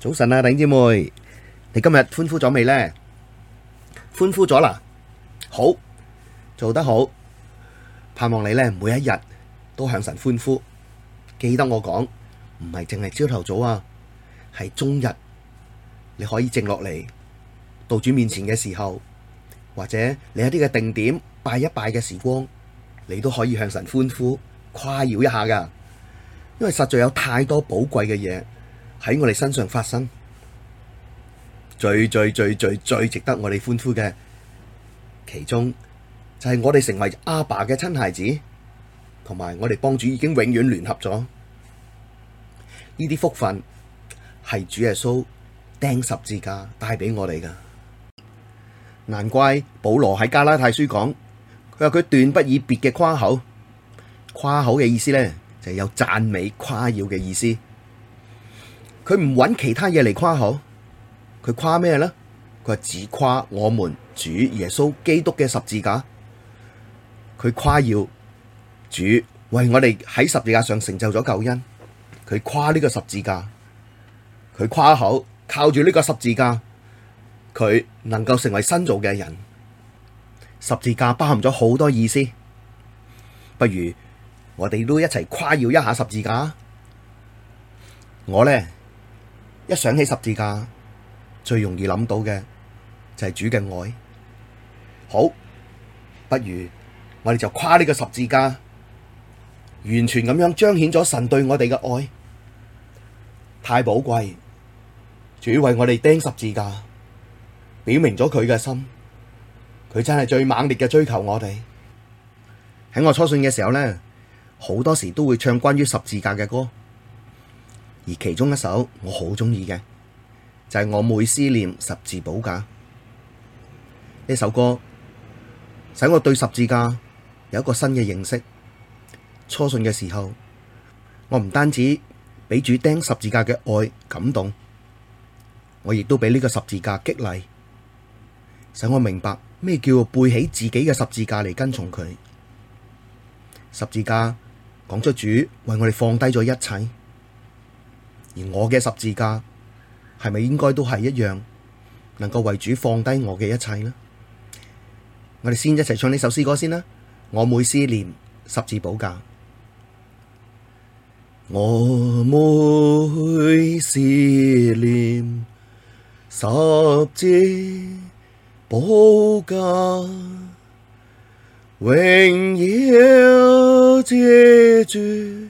早晨啊，弟姊妹，你今日歡呼咗未呢？歡呼咗啦，好，做得好，盼望你咧每一日都向神歡呼。記得我講，唔係淨係朝頭早啊，係終日，你可以靜落嚟到主面前嘅時候，或者你喺呢個定點拜一拜嘅時光，你都可以向神歡呼誇耀一下噶，因為實在有太多寶貴嘅嘢。喺我哋身上發生，最最最最最值得我哋歡呼嘅，其中就係我哋成為阿爸嘅親孩子，同埋我哋幫主已經永遠聯合咗。呢啲福分係主耶穌釘十字架帶俾我哋噶，難怪保羅喺加拉太書講，佢話佢斷不以別嘅誇口，誇口嘅意思呢，就係、是、有讚美誇耀嘅意思。佢唔揾其他嘢嚟誇口，佢誇咩呢？佢係只誇我們主耶穌基督嘅十字架。佢誇耀主為我哋喺十字架上成就咗救恩。佢誇呢個十字架，佢誇口靠住呢個十字架，佢能夠成為新造嘅人。十字架包含咗好多意思，不如我哋都一齊誇耀一下十字架。我呢。一想起十字架，最容易諗到嘅就係主嘅愛。好，不如我哋就誇呢個十字架，完全咁樣彰顯咗神對我哋嘅愛，太寶貴。主為我哋釘十字架，表明咗佢嘅心，佢真係最猛烈嘅追求我哋。喺我初信嘅時候呢，好多時都會唱關於十字架嘅歌。而其中一首我好鍾意嘅，就係、是、我每思念十字寶架呢首歌，使我對十字架有一個新嘅認識。初信嘅時候，我唔單止畀主釘十字架嘅愛感動，我亦都畀呢個十字架激勵，使我明白咩叫背起自己嘅十字架嚟跟從佢。十字架講出主為我哋放低咗一切。而我嘅十字架係咪應該都係一樣，能夠為主放低我嘅一切呢？我哋先一齊唱呢首詩歌先啦。我每思念十字寶架，我每思念十字寶架，永遠記住。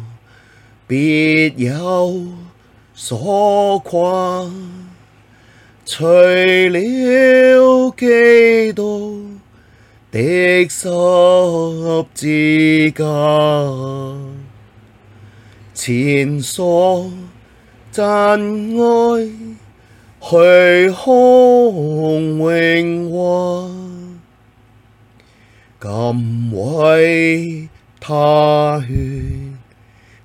別有所誇，除了基督的十字架，前所珍愛虛空榮華，今為他血。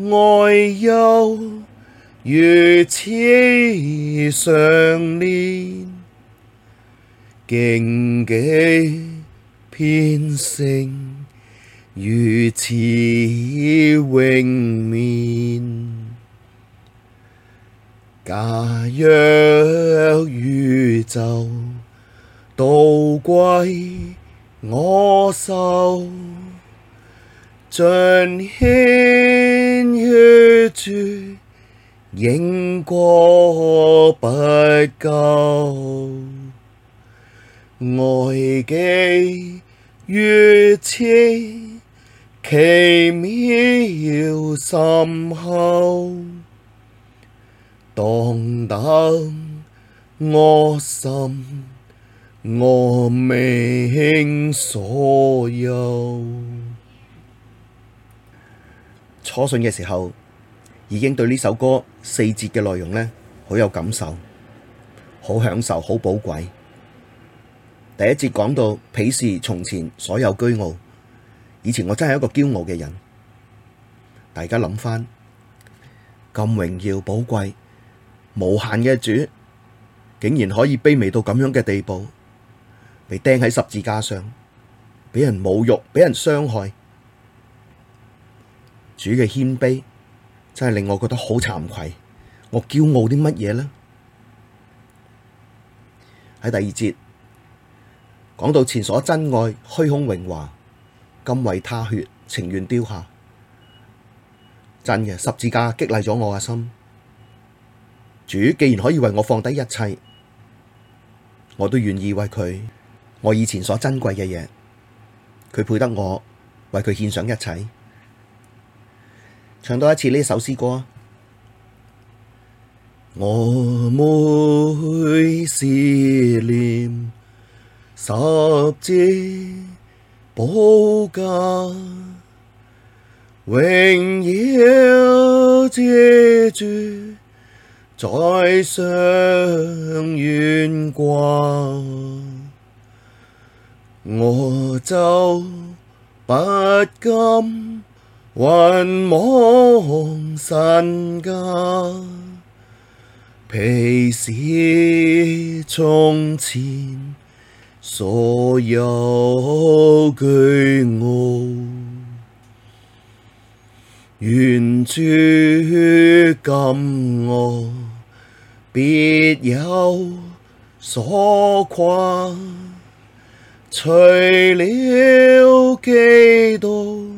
愛憂如此相連，荊棘編成如此榮冕。假若宇宙都歸我手。盡獻與主，仍覺不夠。愛既如此，奇妙深厚。當得我心，我命所有。初信嘅時候，已經對呢首歌四節嘅內容呢好有感受，好享受，好寶貴。第一節講到鄙視從前所有倨傲，以前我真係一個驕傲嘅人。大家諗翻咁榮耀寶貴、無限嘅主，竟然可以卑微到咁樣嘅地步，被釘喺十字架上，俾人侮辱，俾人傷害。主嘅謙卑真係令我覺得好慚愧，我驕傲啲乜嘢呢？喺第二節講到前所珍愛虛空榮華，今為他血情願丟下，真嘅十字架激勵咗我嘅心。主既然可以為我放低一切，我都願意為佢，我以前所珍貴嘅嘢，佢配得我為佢獻上一切。唱多一次呢首詩歌，我每思念十字寶架，榮耀之主在上懸掛，我就不禁，渾忘身家，鄙視從前，所有倨傲，願主禁我，別有所誇，除了基督。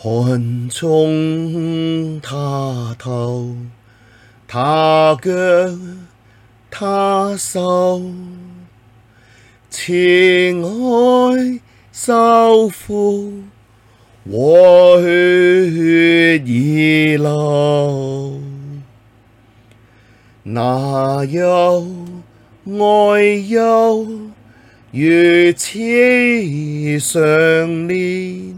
看從他頭，他腳他手，慈愛、受苦，我血，血已流。那有愛憂如此相連？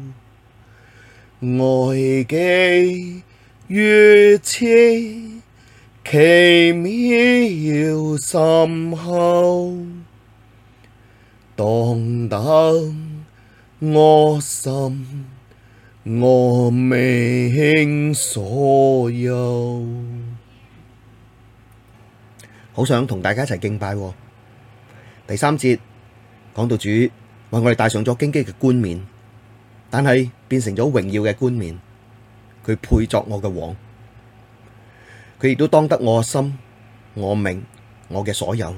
愛既如此，奇妙深厚，當得我心，我命所有。好想同大家一齊敬拜。第三節講到主為我哋帶上咗荊棘嘅冠冕，但係，變成咗榮耀嘅冠冕，佢配作我嘅王，佢亦都當得我心、我命、我嘅所有，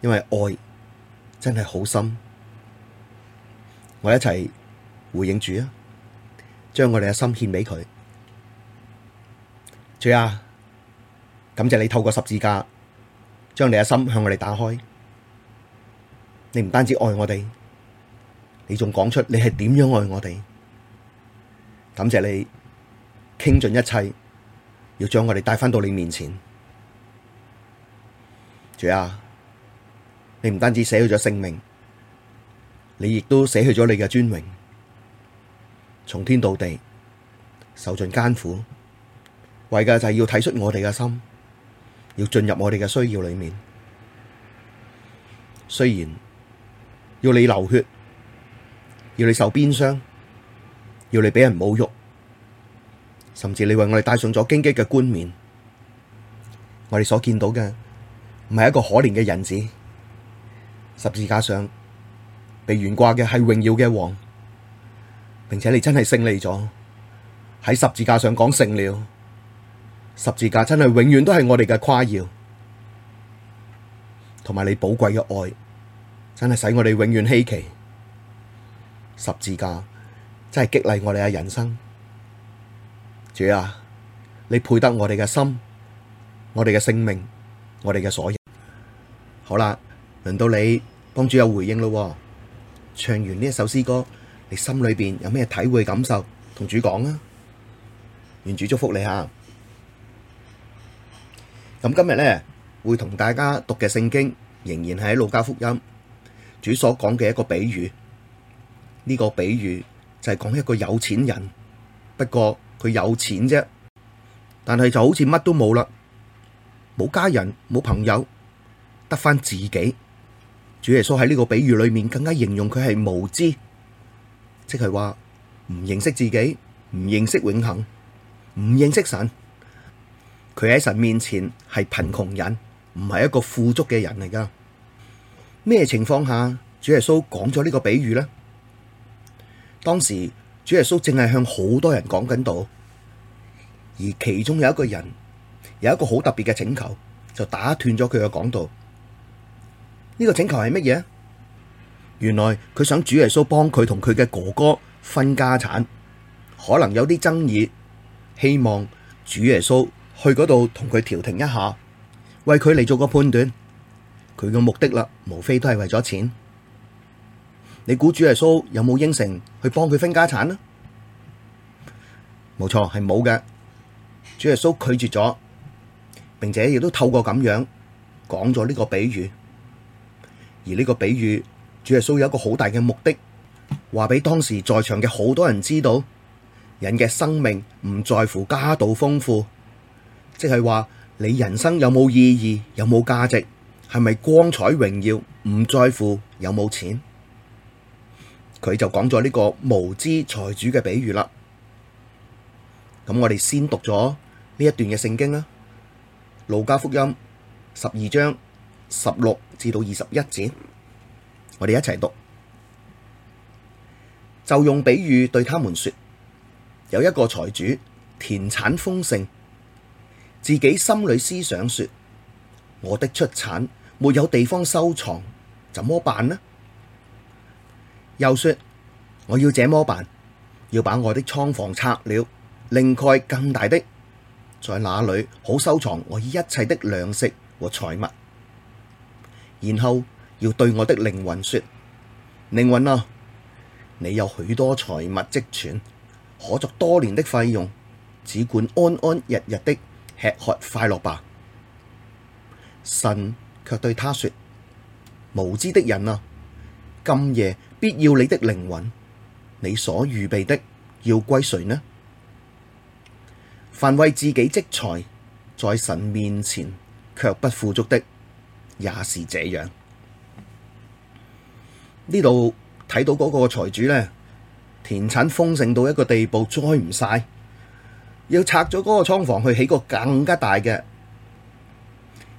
因為愛真係好深。我一齊回應主啊，將我哋嘅心獻俾佢。主啊，感謝你透過十字架，將你嘅心向我哋打開。你唔單止愛我哋。你仲講出你係點樣愛我哋。感謝你傾盡一切，要將我哋帶翻到你面前。主啊，你唔單止捨去咗性命，你亦都捨去咗你嘅尊榮，從天到地受盡艱苦，為嘅就係要睇出我哋嘅心，要進入我哋嘅需要裏面。雖然要你流血，要你受鞭傷，要你畀人侮辱，甚至你為我哋帶上咗荊棘嘅冠冕。我哋所見到嘅唔係一個可憐嘅人子，十字架上被懸掛嘅係榮耀嘅王，並且你真係勝利咗喺十字架上講成了。十字架真係永遠都係我哋嘅誇耀，同埋你寶貴嘅愛真係使我哋永遠稀奇。十字架真係激勵我哋嘅人生，主啊，你配得我哋嘅心，我哋嘅性命，我哋嘅所有。好啦，輪到你幫主有回應咯，唱完呢一首詩歌，你心裏邊有咩體會感受，同主講啊，願主祝福你啊。咁今日咧會同大家讀嘅聖經，仍然係喺路加福音，主所講嘅一個比喻。呢個比喻就係講一個有錢人，不過佢有錢啫，但係就好似乜都冇啦，冇家人，冇朋友，得翻自己。主耶穌喺呢個比喻裏面，更加形容佢係無知，即係話唔認識自己，唔認識永恆，唔認識神。佢喺神面前係貧窮人，唔係一個富足嘅人嚟噶。咩情況下主耶穌講咗呢個比喻呢？當時主耶穌正係向好多人講緊道，而其中有一個人有一個好特別嘅請求，就打斷咗佢嘅講道。呢個請求係乜嘢？原來佢想主耶穌幫佢同佢嘅哥哥分家產，可能有啲爭議，希望主耶穌去嗰度同佢調停一下，為佢嚟做個判斷。佢嘅目的啦，無非都係為咗錢。你估主耶穌有冇應承去幫佢分家產呢？冇錯，係冇嘅。主耶穌拒絕咗，並且亦都透過咁樣講咗呢個比喻。而呢個比喻，主耶穌有一個好大嘅目的，話俾當時在場嘅好多人知道，人嘅生命唔在乎家道豐富，即係話你人生有冇意義，有冇價值，係咪光彩榮耀，唔在乎有冇錢。佢就講咗呢個無知財主嘅比喻啦。咁我哋先讀咗呢一段嘅聖經啦，《路加福音》十二章十六至到二十一節，我哋一齊讀。就用比喻對他們說：有一個財主田產豐盛，自己心裏思想說：我的出產沒有地方收藏，怎麼辦呢？又說：我要這麼辦，要把我的倉房拆了，另蓋更大的，在那裡好收藏我一切的糧食和財物，然後要對我的靈魂說：靈魂啊，你有許多財物積存，可作多年的費用，只管安安逸逸的吃喝快樂吧。神却對他說：無知的人啊，今夜，必要你的靈魂，你所預備的要歸誰呢？凡為自己積財，在神面前卻不富足的，也是這樣。呢度睇到嗰個財主呢，田產豐盛到一個地步栽，栽唔晒，要拆咗嗰個倉房去起個更加大嘅，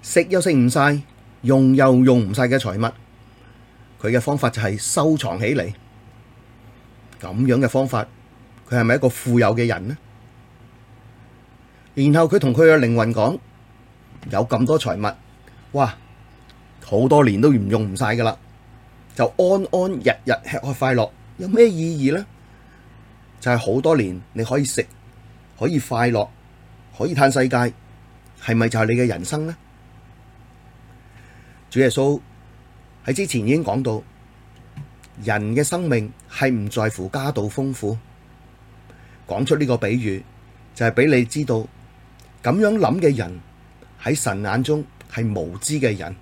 食又食唔晒，用又用唔晒嘅財物。佢嘅方法就係收藏起嚟。咁樣嘅方法，佢係咪一個富有嘅人呢？然後佢同佢嘅靈魂講，有咁多財物，哇，好多年都唔用唔晒㗎喇，就安安逸逸吃喝快樂，有咩意義呢？就係、是、好多年你可以食，可以快樂，可以嘆世界，係咪就係你嘅人生呢？主耶穌喺之前已經講到，人嘅生命係唔在乎家道豐富。講出呢個比喻，就係、是、俾你知道，咁樣諗嘅人喺神眼中係無知嘅人，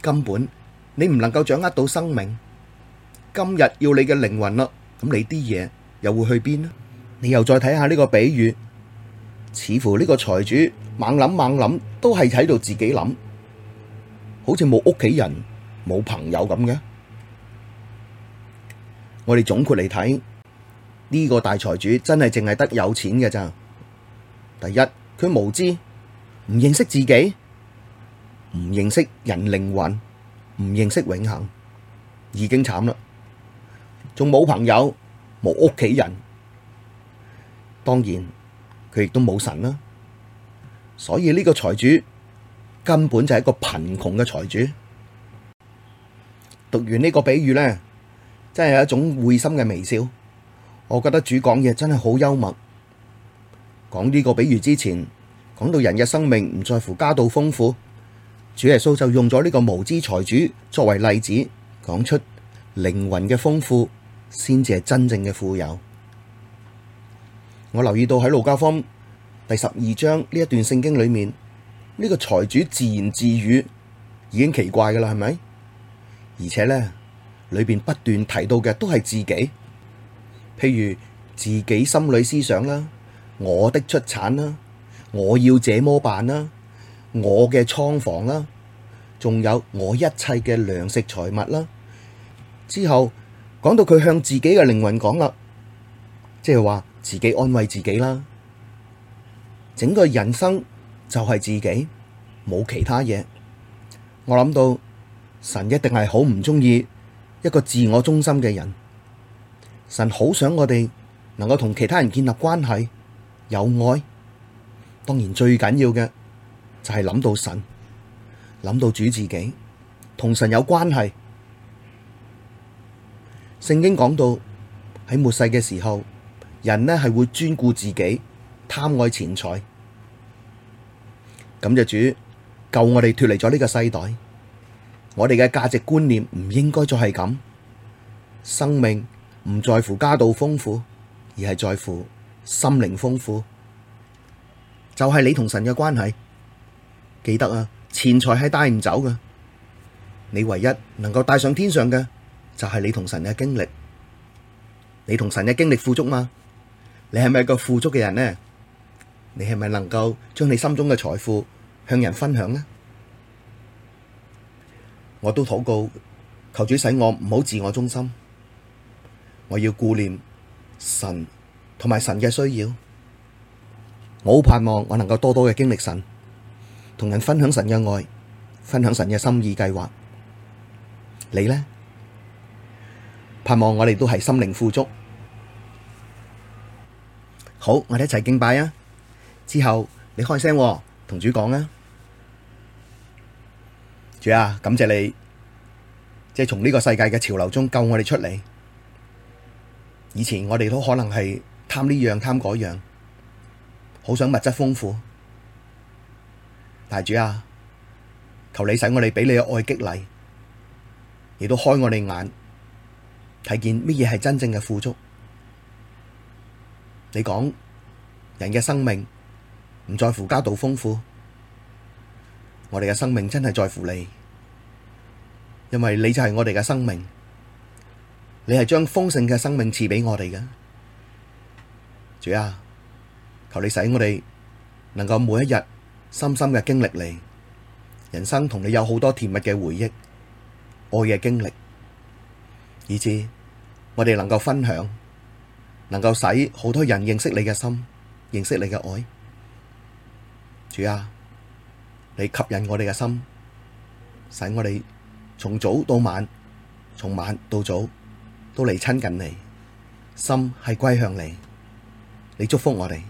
根本你唔能夠掌握到生命。今日要你嘅靈魂啦，咁你啲嘢又會去邊呢？你又再睇下呢個比喻，似乎呢個財主猛諗猛諗，都係喺度自己諗，好似冇屋企人。冇朋友咁嘅。我哋總括嚟睇呢個大財主真係淨係得有錢嘅咋？第一，佢無知，唔認識自己，唔認識人靈魂，唔認識永恒，已經慘啦，仲冇朋友，冇屋企人，當然佢亦都冇神啦、啊。所以呢個財主根本就係一個貧窮嘅財主。讀完呢個比喻呢，真係一種會心嘅微笑。我覺得主講嘢真係好幽默。講呢個比喻之前，講到人嘅生命唔在乎家道豐富，主耶穌就用咗呢個無知財主作為例子，講出靈魂嘅豐富先至係真正嘅富有。我留意到喺路加福音第十二章呢一段聖經裏面，呢、這個財主自言自語已經奇怪噶啦，係咪？而且呢，裏邊不斷提到嘅都係自己，譬如自己心裏思想啦，我的出產啦，我要這麼辦啦，我嘅倉房啦，仲有我一切嘅糧食財物啦。之後講到佢向自己嘅靈魂講啦，即係話自己安慰自己啦，整個人生就係自己，冇其他嘢。我諗到。神一定係好唔中意一個自我中心嘅人，神好想我哋能夠同其他人建立關係，有愛。當然最緊要嘅就係諗到神，諗到主自己，同神有關係。聖經講到喺末世嘅時候，人呢係會專顧自己，貪愛錢財。咁就主救我哋脫離咗呢個世代。我哋嘅價值觀念唔應該再係咁，生命唔在乎家道豐富，而係在乎心靈豐富。就係你同神嘅關係。記得啊，錢財係帶唔走㗎，你唯一能夠帶上天上嘅就係你同神嘅經歷。你同神嘅經歷富足嗎？你係咪一個富足嘅人呢？你係咪能夠將你心中嘅財富向人分享呢？我都禱告，求主使我唔好自我中心，我要顧念神同埋神嘅需要。我好盼望我能夠多多嘅經歷神，同人分享神嘅愛，分享神嘅心意計劃。你呢？盼望我哋都係心靈富足。好，我哋一齊敬拜啊！之後你開聲喎，同主講啊！主啊，感謝你，即係從呢個世界嘅潮流中救我哋出嚟。以前我哋都可能係貪呢樣貪嗰樣，好想物質豐富。大主啊，求你使我哋俾你嘅愛激勵，亦都開我哋眼，睇見乜嘢係真正嘅富足。你講人嘅生命唔在乎家道豐富。我哋嘅生命真係在乎你，因為你就係我哋嘅生命，你係將豐盛嘅生命賜俾我哋嘅。主啊，求你使我哋能夠每一日深深嘅經歷你，人生同你有好多甜蜜嘅回憶，愛嘅經歷，以至我哋能夠分享，能夠使好多人認識你嘅心，認識你嘅愛。主啊！你吸引我哋嘅心，使我哋從早到晚，從晚到早，都嚟親近你，心係歸向你，你祝福我哋。